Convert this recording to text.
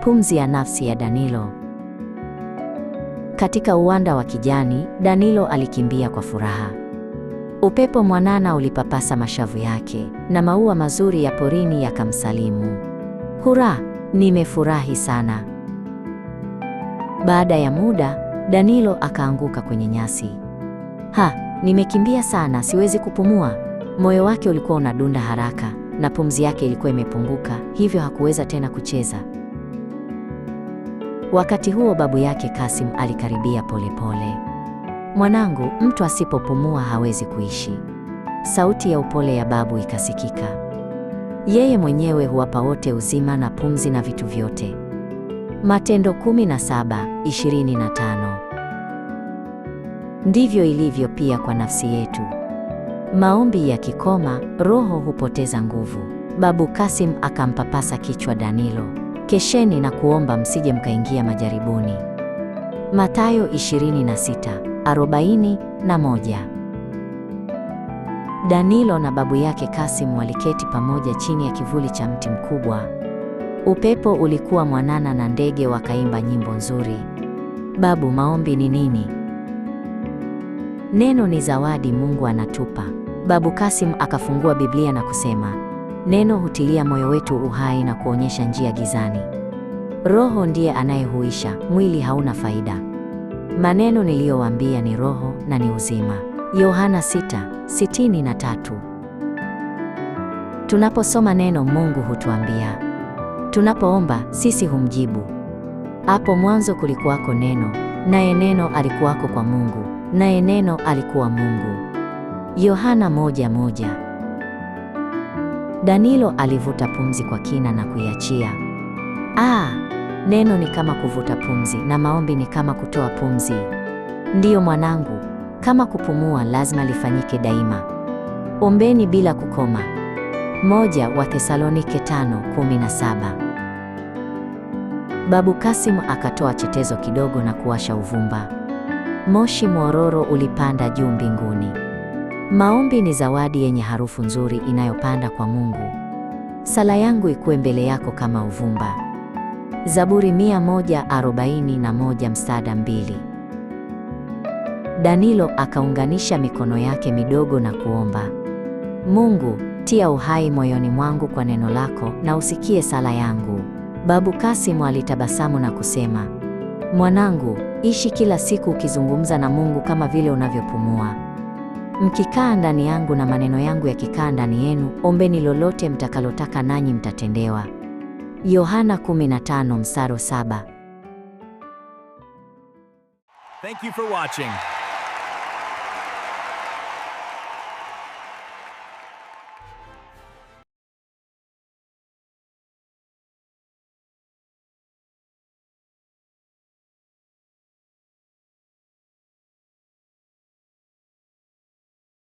Pumzi ya nafsi ya Danilo. Katika uwanda wa kijani, Danilo alikimbia kwa furaha. Upepo mwanana ulipapasa mashavu yake na maua mazuri ya porini yakamsalimu. Hura, nimefurahi sana. Baada ya muda, Danilo akaanguka kwenye nyasi. Ha, nimekimbia sana, siwezi kupumua. Moyo wake ulikuwa unadunda haraka na pumzi yake ilikuwa imepunguka, hivyo hakuweza tena kucheza. Wakati huo babu yake Kasim alikaribia polepole Mwanangu, mtu asipopumua hawezi kuishi. Sauti ya upole ya babu ikasikika. Yeye mwenyewe huwapa wote uzima na pumzi na vitu vyote. Matendo 17, 25. Ndivyo ilivyo pia kwa nafsi yetu. Maombi yakikoma, roho hupoteza nguvu. Babu Kasim akampapasa kichwa Danilo kesheni na kuomba msije mkaingia majaribuni. Mathayo 26:41. Danilo na babu yake Kasim waliketi pamoja chini ya kivuli cha mti mkubwa. Upepo ulikuwa mwanana na ndege wakaimba nyimbo nzuri. Babu, maombi ni nini? Neno ni zawadi Mungu anatupa. Babu Kasim akafungua Biblia na kusema Neno hutilia moyo wetu uhai na kuonyesha njia gizani. Roho ndiye anayehuisha, mwili hauna faida. Maneno niliyowaambia ni roho na ni uzima. Yohana 6:63. Tunaposoma neno, Mungu hutuambia. Tunapoomba, sisi humjibu. Hapo mwanzo kulikuwako neno, naye neno alikuwako kwa Mungu, naye neno alikuwa Mungu. Yohana moja. Danilo alivuta pumzi kwa kina na kuiachia. Ah, neno ni kama kuvuta pumzi na maombi ni kama kutoa pumzi. Ndiyo mwanangu, kama kupumua lazima lifanyike daima. Ombeni bila kukoma. Moja wa Thesalonike 5:17. Babu Kasim akatoa chetezo kidogo na kuwasha uvumba. Moshi mwororo ulipanda juu mbinguni. Maombi ni zawadi yenye harufu nzuri inayopanda kwa Mungu. Sala yangu ikuwe mbele yako kama uvumba. Zaburi 141 mstari mbili. Danilo akaunganisha mikono yake midogo na kuomba, Mungu, tia uhai moyoni mwangu kwa neno lako na usikie sala yangu. Babu Kasimu alitabasamu na kusema, mwanangu, ishi kila siku ukizungumza na Mungu kama vile unavyopumua. Mkikaa ndani yangu na maneno yangu yakikaa ndani yenu, ombeni lolote mtakalotaka nanyi mtatendewa. Yohana 15 msaro 7 Thank you for watching.